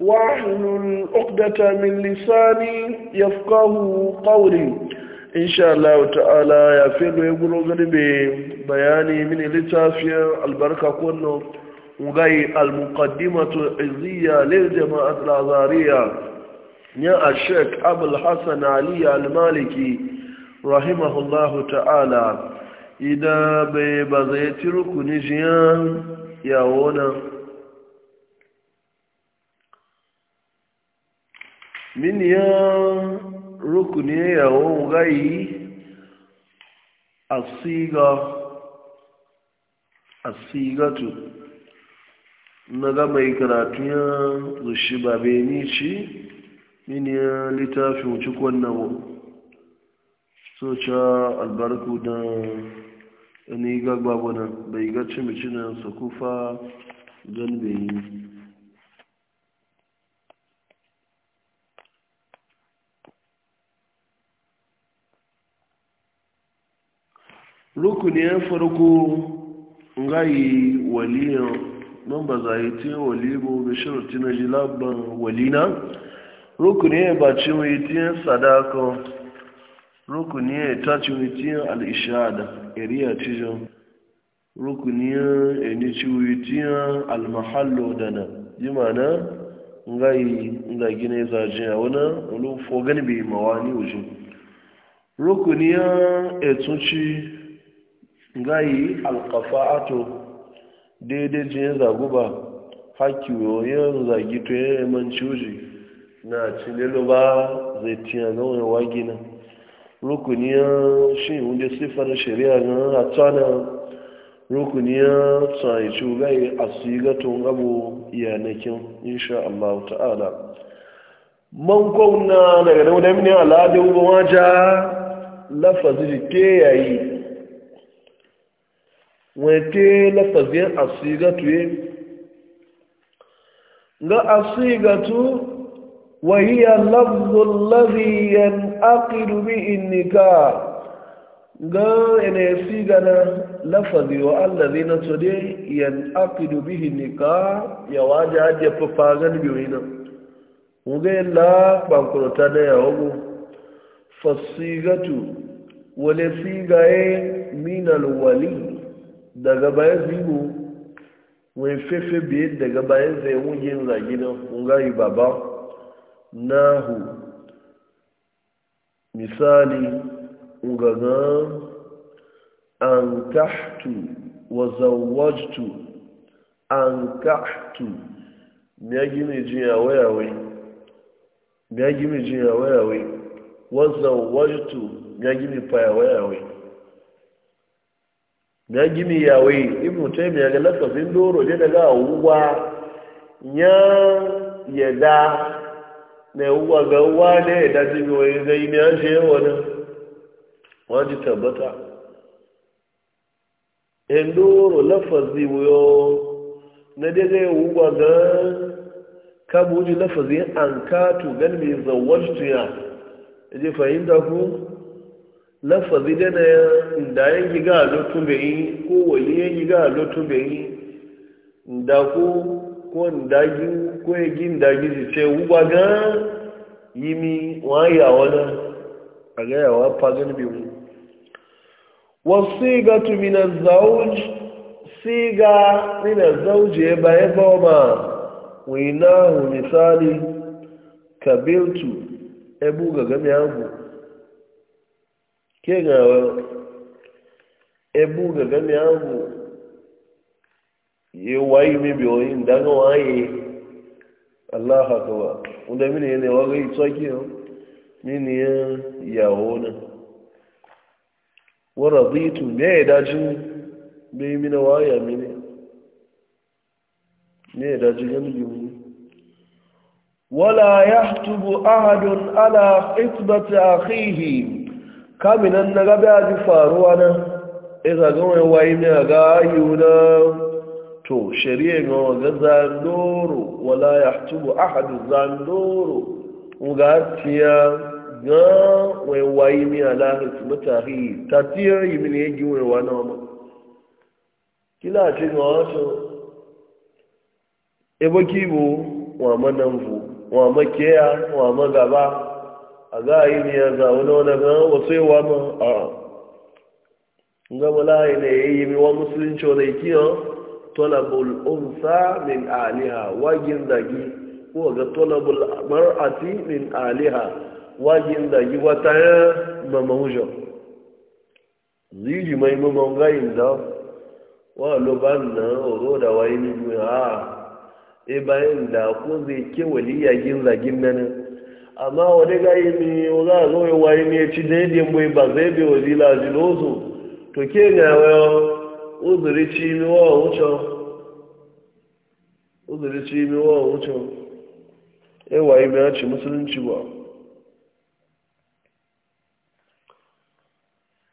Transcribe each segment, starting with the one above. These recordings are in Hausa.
واحلل عقدة من لساني يفقه قولي إن شاء الله تعالى يا فيلو يقولوا غنبي بياني من لتافيا البركة كله وغاي المقدمة العزية للجماعة الأزارية يا الشيخ أبو الحسن علي المالكي رحمه الله تعالى إذا ببزيت ركن جيان يا ونه mini ya rukuni yawon gayi asigatu sigatu na gama karatu ya zushi babe ni ci min ya littafin wuce kwanan so albarku da ni gagbabunan bai ga mace na sakufa gan bayi rukunin farko ngayi waliyan nan ba za yi te wali bu ga shirti na jilaban walina rukunin ba ci mai tiyan sadaka rukunin ta ci mai tiyan al'ishada iriya cijin rukunin eni ci mai tiyan almahallo da na jimana ngayi nga gina za a wani olufo gani bai mawani wujin rukunin etunci gayi alkafa'ato daidai jin zaguba hakiyoyin zagi to yin mancuji na cililo ba zai tiya na wani wagi na rukuniyar shi wunde siffar shari'a na atana rukuniyar tsanaicu gayi a sigatun abu yanakin insha Allah ta'ala man kwauna daga daudamin aladun wajen lafazi ke yayi wete lafazin asigatu ye ga asigatu wa hiya lafzu alladhi yanqidu bihi nikah ga ene sigana lafazi wa alladhi natode yanqidu bihi nikah ya waje aje fafagan biwina uge la bankurota da yawo fasigatu wale sigaye min alwali daga bayan zigo wani fefe biye daga bayan zai wujen zagi na ƙungayi baba Na hu. misali ƙungagan an kahtu wa zawajtu an kahtu ya gini jin wayawai ya gini jiya wayawai wa zawajtu miya gini faya wayawai na gimi yawai ibn taimi ya ga lafafin doro je daga wuwa ya yada na wuwa ga wuwa ne ya daji goyi zai ne an shi yawa nan waji tabbata in doro lafazi wuyo na daga ya wuwa ga kabuji lafazin an katu gan mai zawarciya ya je fahimta ku lafazi dana da yan giga lotun bayi ko wali yan giga lotun bayi da ko ko ndagi ko yagin dagi ji ce uba ga yimi waya wala aga yawa fagan bi mu wasigatu min az-zawj siga min az-zawj yaba yaba ma winahu misali kabiltu ebu ga gami yangu ke ebu ga gami ahụ ye wayi mi oyi ndaga waye allah akbar unda e mini e ne waga itsaki mini e ya wara wa raditu me daji be mina waya mini me daji gami yuni ولا يحتب أحد على خطبة أخيه kaminan na gaba ya ji faruwa nan iza e gawai wayi ne ga yiwu na to shari'a ga ga zandoro wala ya tubu ahadu zandoro ga tiya ga wai wayi ne a lahis tahi ta tiya yi mini ya giwe wa na ma kila ce ga wasu ebe kibo wa mananfu wa makiya wa magaba a m yi ne ya zawo na wani ga wasu yawa ma a gama layi ne ya yi miwa musulunci wani kiyo tolabul unsa min aliha wagin zagi ko ga mara ati min aliha wa wagin zagi wata ya mamahujo ziji ọ mamangayin da wa loban na oro da wani ne a ibayin e da ko zai ke waliyagin zagin nan ama wani ga imi mi za a zo yawa yi mi ci da yadda mai ba zai bi wa zila jilozu to ke ga yawa uzuri ci imi wa wucin uzuri ci mi wa wucin yawa yi mi ya ci musulunci ba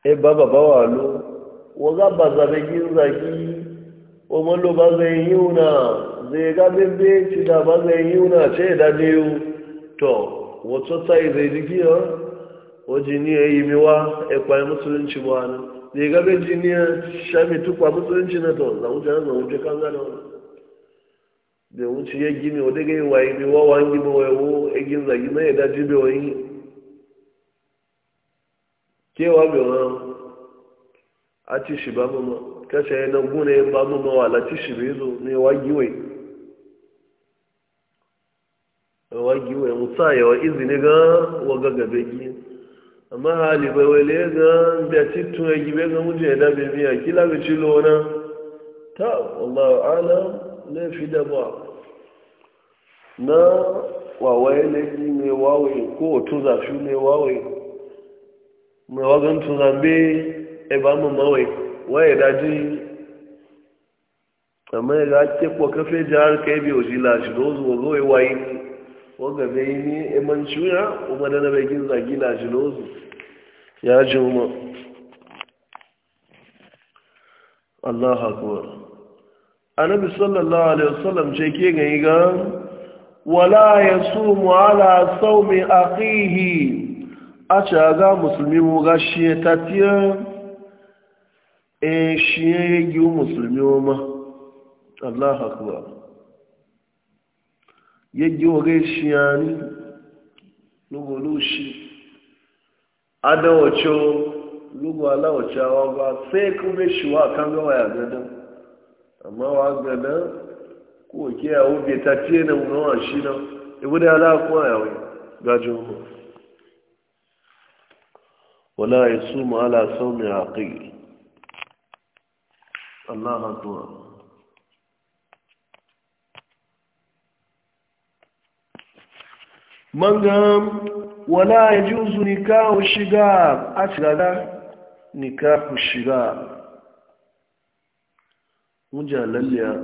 e ba ba ba wa lo wa ga ba zabe gin zaki o mo lo ba zai yi una zai ga bebe ci da ba zai yi una ce da biyu to wọ́tọ́ta ìrèdí kí ọ́ ó jí ní èyí mi wá ẹ̀pà mùsùlùmí wà ní ní na jí ní ṣẹ́mi túpà mùsùlùmí náà tọ̀ làwùjọ náà làwùjọ káńgá náà mi òdégé ìwà yìí mi wá ń gbìmọ̀ ẹ̀wọ́ egi ńlá yìí náà ẹ̀dá jíbi ọ̀yìn kí wàá bẹ̀ wọ́n á ti ṣì bá mọ́mọ́ kẹ́sẹ̀ ẹ̀ náà gún ní bá mọ́mọ́ wà wagi wa musa ya wa izini ga waga gabe gi amma hali bai wale ga da titun ya gibe ga mutu ya dabe biya kila ga ci lona ta wallahu ala ne fi da ba na wawaye ne gi ne wawe ko tun zafi ne wawe mai wagan tun zambe e ba mu mawai waye daji amma ya e ga ake kwa kafe jihar kai biyo shi lashi da wasu wazo waye zai bai ni imanci cuya kuma da na bai zagi gina jilozu ya ji umar Allah haƙuwar annabi sallallahu alaihi wasallam ce ke gani ga wala ya su ala sau mai akihi a ga musulmi mu ga shi ya tafiya? e eh, shi ya yi musulmi ma Allah haƙuwa yegi oge shiyani lugo lushi ada ocho lugo ala ocha wa ba sai kuma shiwa kan ga waya gada amma wa gada ko ke ya obe ta tiye na mu a shi na ibu da e ala ko ya wai gajo ko wala yasum ala sawmi aqil Allah akbar mangam wala ya ji uzu nikahu shiga a cigada nikahu shiga mujalalliya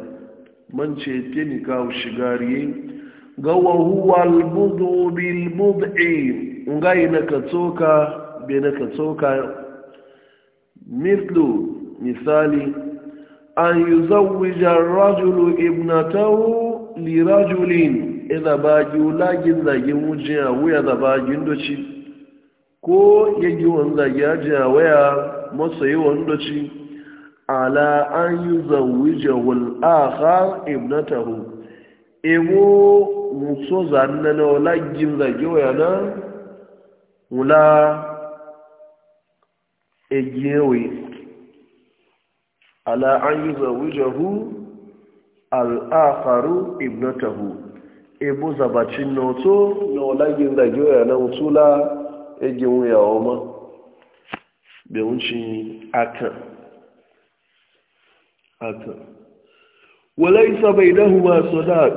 man ce te shiga shigariye ga wahuwa albudu bilbud'i ngai na ka tsoka be na ka tsoka mithlu misali an yi yuzawwija rajulu ibnatahu li rajulin Ina iza bagi lagin zage mujiya wuya da bagin doci ko yagi wani zage ajiya waya masoyi wani doci ala an yi zawija wal aha ibnatahu ebo muso zanna na lagin zage waya na wula egiyewe ala an yi zawijahu al'akaru ibnatahu ebo zabacin na otu na olagin zagiyoya na utula egin wuya oma da wuncin aka akan walaisa bai dahu ma sadak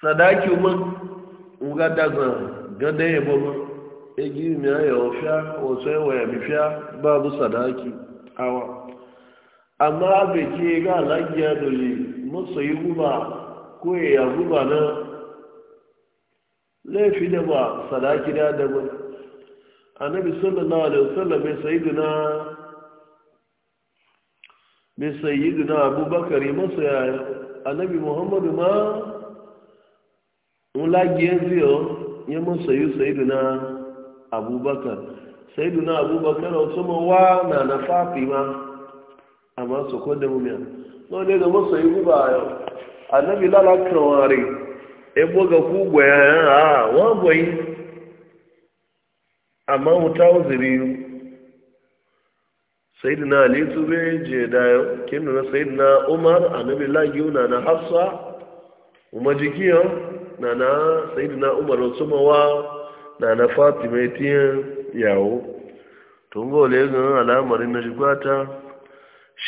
sadaki ma nga daga gada yabo ma egi mi aya ofia otu ewa ya mifia babu sadaki awa amma abe ke ga alagiya dole masoyi guba ko ya yabu ba na laifi da ba sadaki da da annabi sallallahu alaihi wasallam mai sayyiduna mai sayyiduna abubakar masa yaya annabi muhammadu ma nlagiyar ziyo ya masa yi sayyiduna abubakar sayyiduna abubakar wasu mawa wa na na fafi ma amma su kwadda mumiya na wani ga masa yi guba yau annabi lalaka ware ebo ga ku gwaya a wa gwai amma wuta uzuri sayyidina ali tube je da kinu na sayyidina umar annabi lagi na na hafsa kuma jikiya na na sayyidina umar Osumawa, na na fatima tiyan yawo tun gole ga al'amarin na jikwata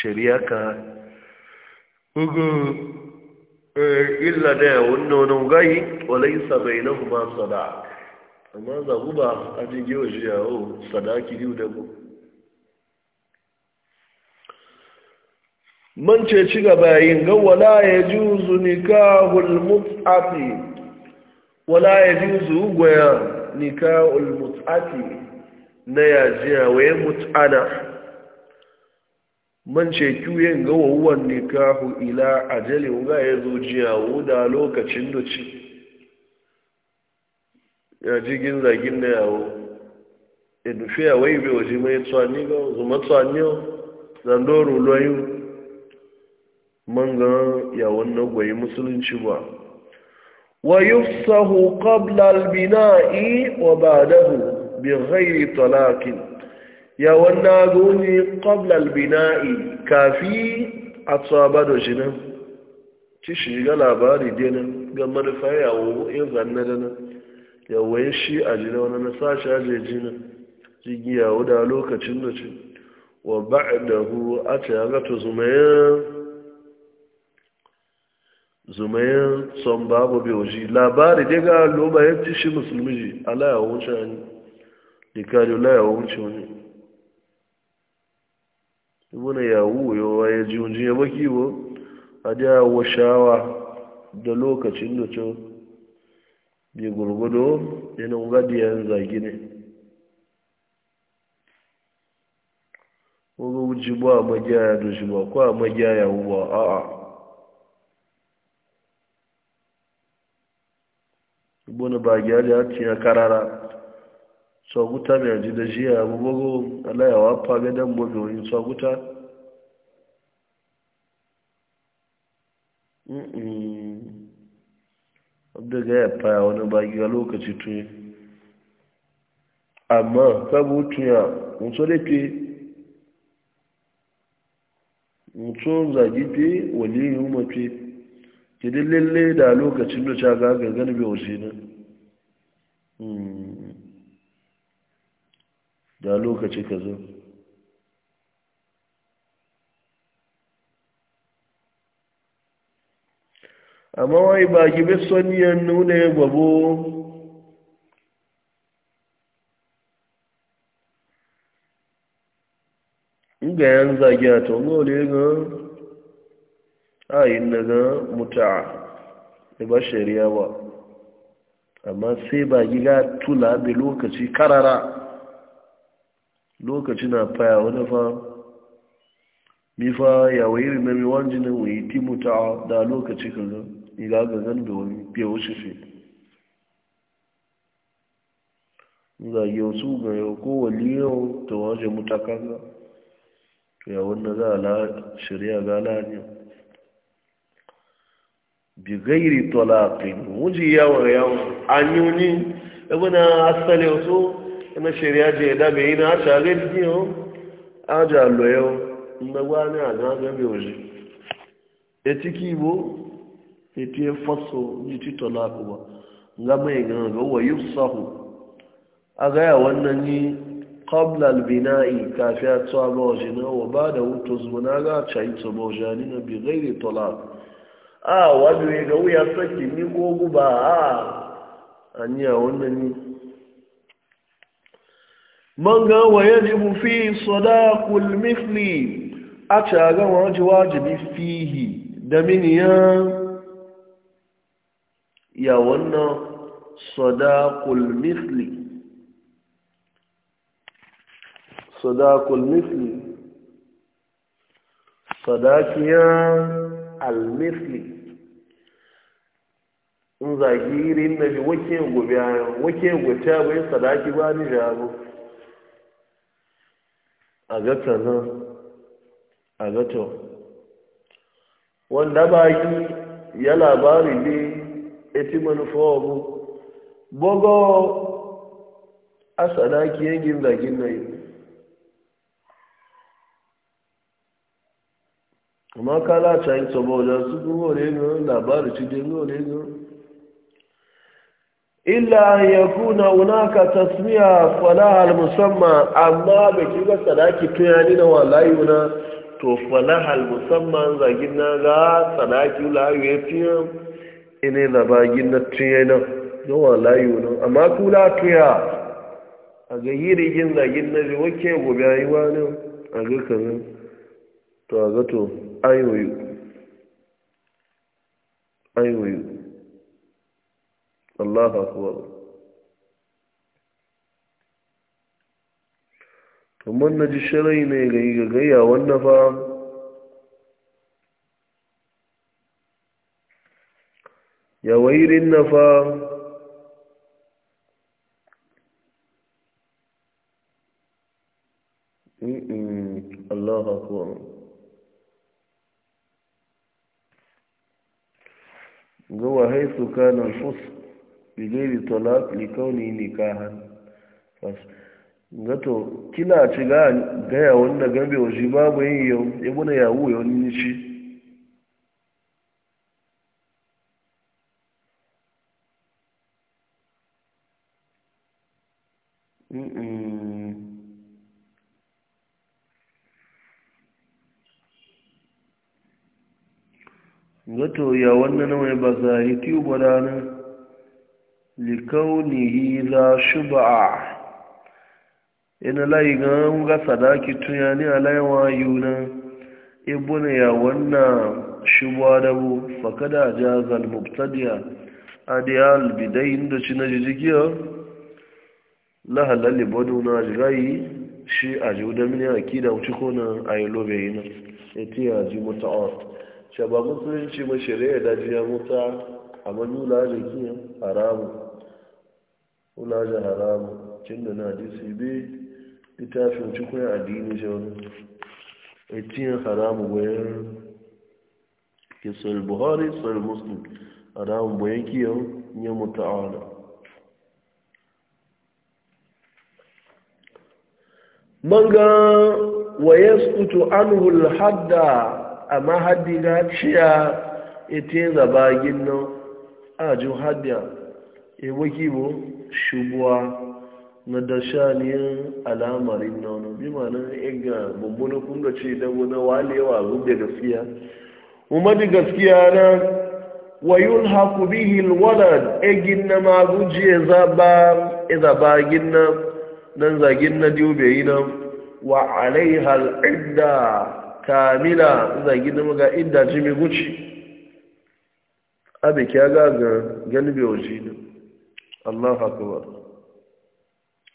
shari'a ka Ugu Eh, illa da yawon nonon gai walai sabai na kuma sada amma zagu ba a jirgin wa shi sada ki yi da ku man ce ci gaba yin ga wala ya juzu nikahul mut'ati wala ya ji juzu gwaya nikahul mut'ati na yajiya waye mut'ana man ce kiwuyen ga wawuwan nikahu ila ajali ga ya zo jiyawo da lokacin doci ya jigin zagin da yawo edufe ya wai bai waje mai tsani ga zuma tsani zandoro loyu man ga yawon na gwayi musulunci ba wa yufsahu qabla albina'i wa ba'dahu bin ghairi talaqin ya wannan goni ƙoblal bina'i kafi a tsaba da shi nan ci shi ga labari denin ga manufa yawo in zanna da nan yawon shi a jina wani na sashi aje jina yawo da lokacin da ci wa ba'dahu a ce ya gato zumayen zumayen son babu bewaji labari dai ga lobayen ci shi musulmi ji ala yawon shi ne dikari la yawon shi wani ibuna ya wuyo ya ji hunjin ya baki bo a da washawa da lokacin da co bi gurgudu yana gadi ya zagi ne wani wuji ba a magiya ya doshi ba ko a magiya ya wuwa a a ibuna ba gyara ya tiya karara tsoguta mai aji da shi ya bugu alayawa faga don bugu tsaguta abda ga ya faya wani bagi a lokaci tuni amma sabu a mutu da fi mutu zagi fi wani yi mafi kidin lalle da lokacin da shaga gaga biyu bai wasu ne da lokaci ka zo amma wai ba gibe soniyan nuna ya gwabo ga yan zagiya ta gole ga ayin na ga muta da ba shari'a ba amma sai ba giga tula da lokaci karara lokaci na faya wani fa mifa ya irin na mi wanji na wayi timuta da lokaci kaga iga ga zan da wani biya wuce fi a yau su ga yau ko yau ta waje mutaka ga to ya wanda za a la shari'a ga la ne bi gairi talaqin wuji yawa yawa ebe na asali wasu na shirya je ya dabe yi na shagari biyu aja loyo na gwani a gaga mai waje ya ciki bo e e ya ce faso ji ci talaku ba ga mai ganga wa yi a gaya wannan yi qabla albina'i kafi a ba na ba da wuto zuna ga na bi a wajen ga wuya saki ni ba a aniya man ga wa yajibu fi sadaqul mithli a ta ga wajibi fihi da miniya ya wannan sadaqul mithli sadaqul mithli sadaqiyan al-mithli in zagirin da wake gobe wake gobe ta bai sadaki ba ni jabo a ga kaza wanda ba ya labari ne eti manufa obu bogo a sadaki yangin zagin amma kala ta yi tsobo da su goro ne labari ci dai goro ne illa an yakuna hunaka tasmiya falaha al-musamma amma ba ki ga sadaki tunani na wallahi na to falaha al-musamma zagin na ga sadaki layu ya fiye ine labagin na tuyana na wallahi na amma kula tuya a ga yirigin zagin na ji wake gobe ayi wani a ga kazan to a ga to ayoyi ayoyi Allahu akbar to mun naji shirai ne ga yi gagaya fa na fa Allahu akbar جوا حيث كان الفسق bigeri talak likauni nikaha ngato kila ci ga gaya wanda gambe wa shi babu yin yau ibu na yawo yau ni ci ngato ya wannan nawa ya tiyo bananan likaunihi za shuba? ina layi gan ga sadaki tunya ni alaiwa yuna ibuna ya wannan shubuwa da bu fakada jazal mubtadiya adiyal bidayin inda ci na jijigiya halalli bado na jirayi shi a ji da mini aki da wuce kona a yi lobe yi na eti ya ji mutu a shabamun sun ci mashirya da jiya mutu a manula da wula ji haramu cin da na disi bi littafin cikin addini shawarar etiyan haramu bayan kisar buhari tsar muslim haramu bayan kiyon ya mutu'ala manga wa yasqutu anhu al-hadda amma haddi ga ciya ite zabagin nan a ju hadda ewagibo shubuwa na dashaniyar alamarin na wani bimanin iga babbuna kunga ce da wani walewa rubda gaskiya umar gaskiya na wayun haku bihi walad egin na maguji zaba ginna nan zagin na dube yi nan wa alaihal idda kamila zagin na maga idda jimi guci abin kya gaga gani bai waje Allah akubar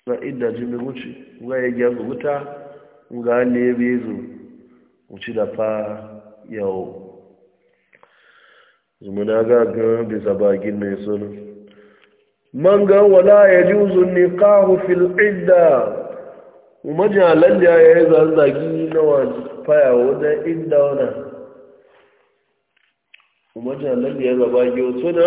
na idda jimi wuce ga ya gyazu wuta ga ne bezu wuce da fa yawo zumuna ga gan bisa bagin mai sunan man ga wala ya ji ne kahu fil idda umajalan da ya zanzagi na wani faya wadda inda wana umajalan da ya zaba gi wasu na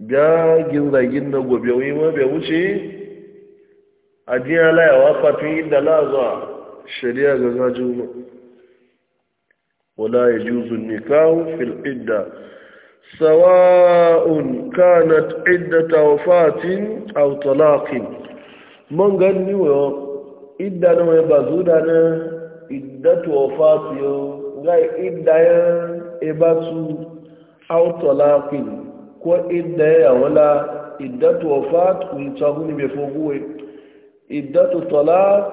gagin zagin na gobe wani ma bai wuce a jiya layawa fatin inda lazuwa shari'a ga gajin mu wala ya juzun nikahu fil idda sawa'un kanat iddata wafatin aw talaqin man ganni wa idda na mai bazuda na iddatu wafatiyo ga idda ya e ba su autolakin ko idda ya wala iddatu wafat unitahuni befoguwe iddatu talaq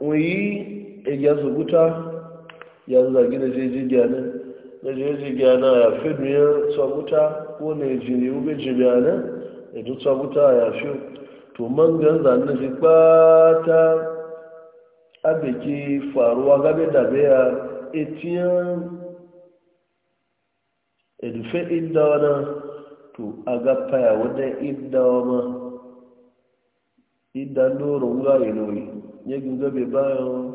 uyi ejazuguta yanzu gina jeji gyanin na jeji gyana ya fi miyar tsaguta ko na jini ube jibiyana da e duk tsaguta ya fi to man ganza na ji bata abiki faruwa gabe da biya etiyan edufe idda wana to a gaffa ya wata iddawa ma iddan doron ga iloyi ya gungabe bayan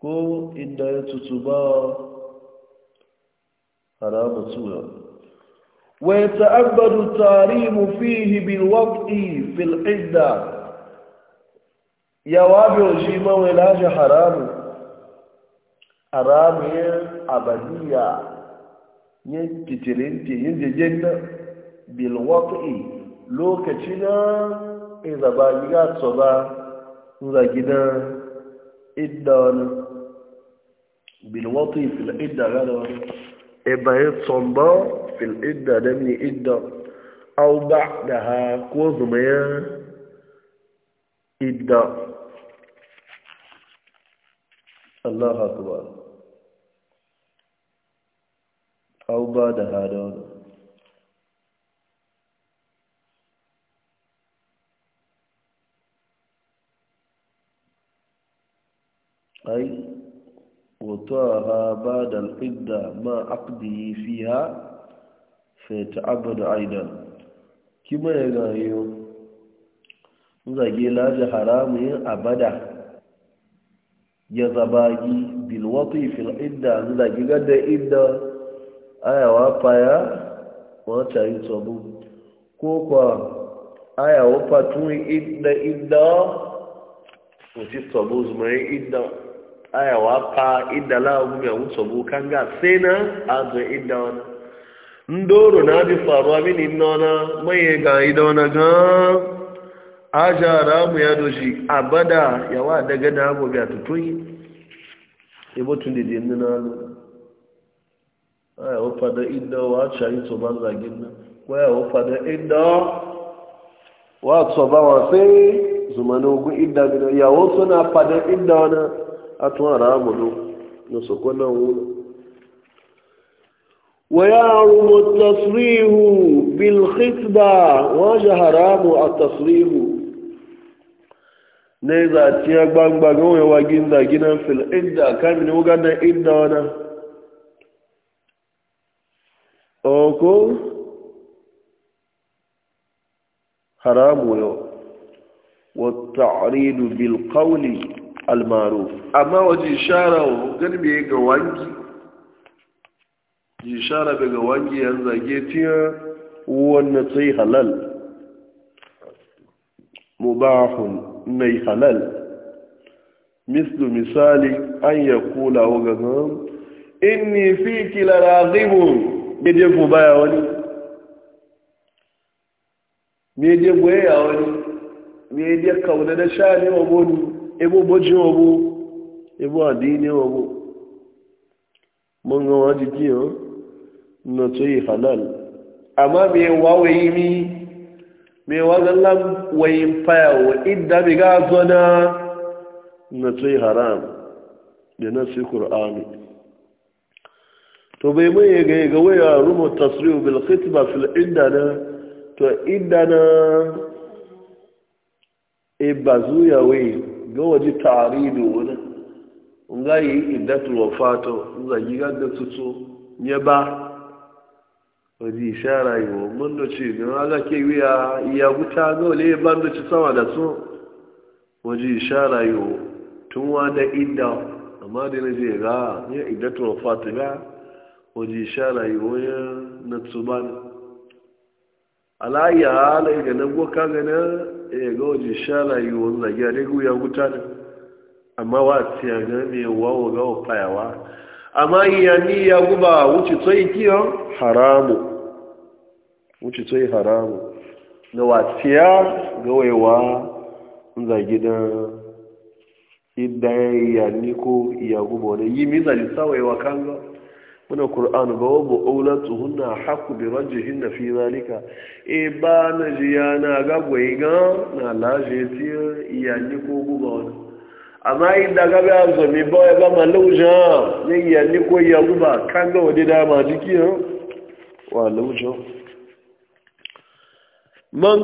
ko idda ya tutu ba haramu tura wai ta'abbadu tarimu fihi bil waqti fil idda ya wabe shi ma wai laji haramu haramu ya abadiya ya kitirinti yin jejen nan bilwat'i lokaci na iza ba giga tso ba za gida idda wani bilwat'i fil idda gada wani e bayan tsomba fil idda da mini idda au ba da ha ko zumaya idda Allah haka ba au ba da ha da wani أي وطاها بعد العدة ما أقضي فيها فيتعبد أيضا كما يقول نزاقي لاج حرام أبدا يزباقي بالوطي في العدة نزاقي قد إدة آية وابايا وانتعي صبو كوكوا أي وابا توي إدة إدة وتي ما زمعي إدة aya wa fa inda lahum ya musabu kanga sai na azu inda wani ndoro na bi faruwa mini nona mai ga ida wani ga ajara mu ya doshi abada ya wa daga da abu biya tutun ibo ndị da ndị na alu aya wa fada inda wa shayi so ban gị na waya wa fada inda wa so ba wa sai zumanin ogun inda ya wasu na fada inda wani atun ara amudu na sokonan wulo ويعرم التصريح بالخطبة وجهرام التصريح نيزا تيا بان بان هو واجين دا جنا في الإدة كان من وغانا إدة وانا أوكو حرام يو والتعريض بالقول almaru amma waje shara gani bai ga wangi ishara shara daga wangi yan zage tiya ah, wannan sai halal mubahun mai halal mislu misali an ya kula wa gagan ah, inni fi kila raghibun daidai ku baya wani Me daidai goyaya wani Me je kauna na sha ne wa goni ebe ụbọchị ọgbụ ebe adịghị ọgbụ mọnga wa ọ nnọtụ yi halal amma me wawe yi mi me wagan lam wayin faya wa idda mi ga na nnọtụ yi haram da nasi qur'ani to bai mai ga ga waya rumu tasrihu bil khitba fil idda na to idda na e ya wayin ga waje tare da wani nga yi iddatul wafato nga yi gadda tutu ya ba waje ishara yi wa mun da ce ga aga ke wiya ya guta ga wale ya ban da ci sama da su waje ishara yi wa tun wa da idda amma da na je ga ya iddatul wafato ga waje ishara yi wa ya na tsuba alayi halayi ga nan goka gana ya eh, ga waje shala yi wani zagi a daga wuya wuta amma wa tiya ga mai wawo ga wa fayawa amma iya ni ya guba wuce tsayi kiyo haramu wuce tsayi haramu na wa tiya ga waiwa zagi na idan ya ni ko iya guba wani yi mi zali sawaiwa kan gaba wani ƙur'an ba wabu aulatu hunna haku bi rajihin na fi zalika e ba na ji ya na gagwai ga na laje ti iyanni ko guba wani amma inda da gaba ya zomi ba ya ba ma lauja ya iyanni ko ya guba kan ga wani dama jiki ya wa lauja man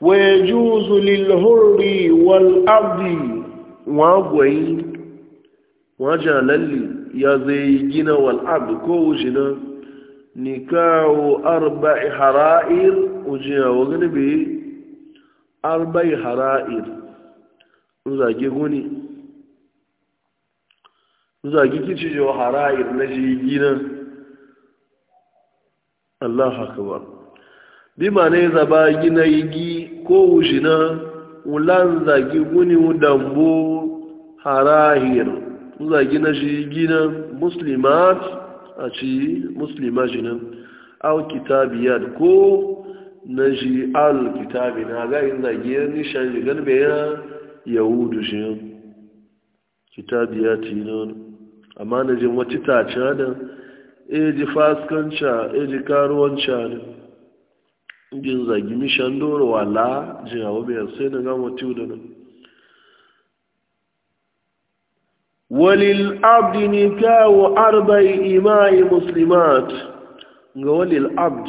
ويجوز للهر والأرض وغوي وجعل لي يا زيجنا والأرض كوجنا نكاو أربع حرائر وجنا وغنبي أربع حرائر زاجي غني زاجي حرائر نجي الله أكبر bi ma ne zaba gina yigi ko wujina wulan zagi guni dambo harahir zagi na shi gina muslimat a ci muslima jina au kitabiyat ko na shi al kitabi na ga in zagi ya nishan jigar bayan yahudu shi kitabiyat yi amma na jin wacce ta ci hada eji faskanca eji karuwanca ne jin zagi mishan doro wala jin abu biyar sai da gama tiyo da nan walil abdi ni kawo arba'i imai muslimat ga walil abd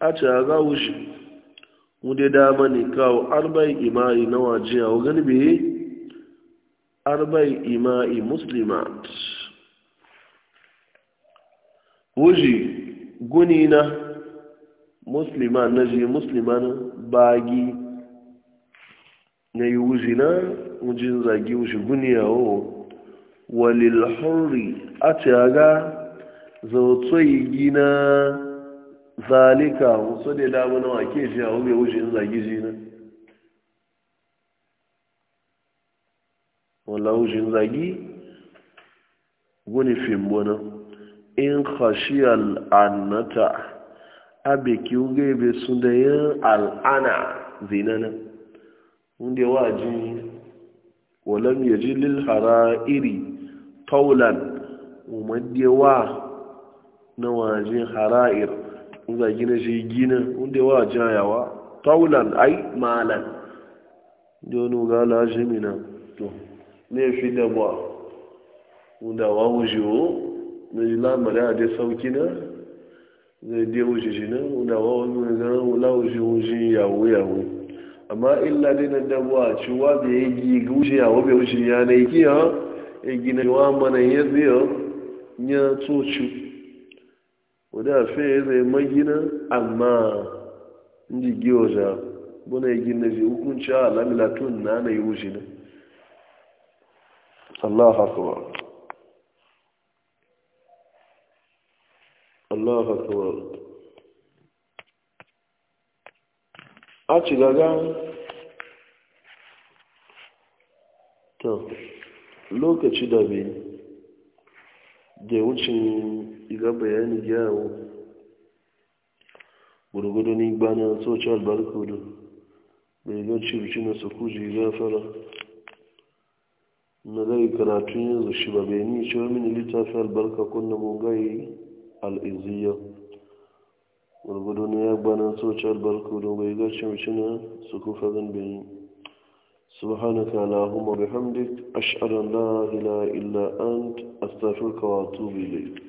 a ce a ga wuce wude dama ni kawo arba'i imai na waje a wagani biye arba'i imai muslimat wuji guni na muslima na je muslima na bagi na yi wuzi na wujin zagi wuce guniyawo walil hurri a ce ga zautsoyi gina zalika wasu da damu na wake shi a wuce wuce zagi ji na wala wuce zagi guni fimbo na in khashiyar annata abe ki uge be sundayen al'ana zinana wanda wa ji walam yaji lil hara'iri taulan de wa na wajin hara'ir za gina shi gina wanda wa jayawa taulan ai malan jonu ga lajimina to ne fi da ba wanda wa wujiwo na ji lamarin a sauki na zai dai wuce shi nan da wani zan wula wuce wuce yawo yawo amma illa dai nan da ba ci wa bai yi wuce yawo bai wuce ya na yi kiya ya gina wa mana ya zai ya tsoci wadda fe zai magina amma ndi giyoja buna ya gina zai hukunci a lamilatun na na yi wuce ne Allah haka الله أكبر أتي لغان تو لوكا تشدابي da wucin iga bayani yawo gurgudu ni gbana social barcode bai ga circi na sakuji gafara na zai karatu yanzu shi ba bai ni cewa mini littafi albarka kunna mu al’iziyya ƙwarguduniya gbanin social barkudu mai gashin cinna su kufa zambin subhanaka allahumma bihamdik ash'ara la ilaha illa ant astaghfiruka wa atubu ilayk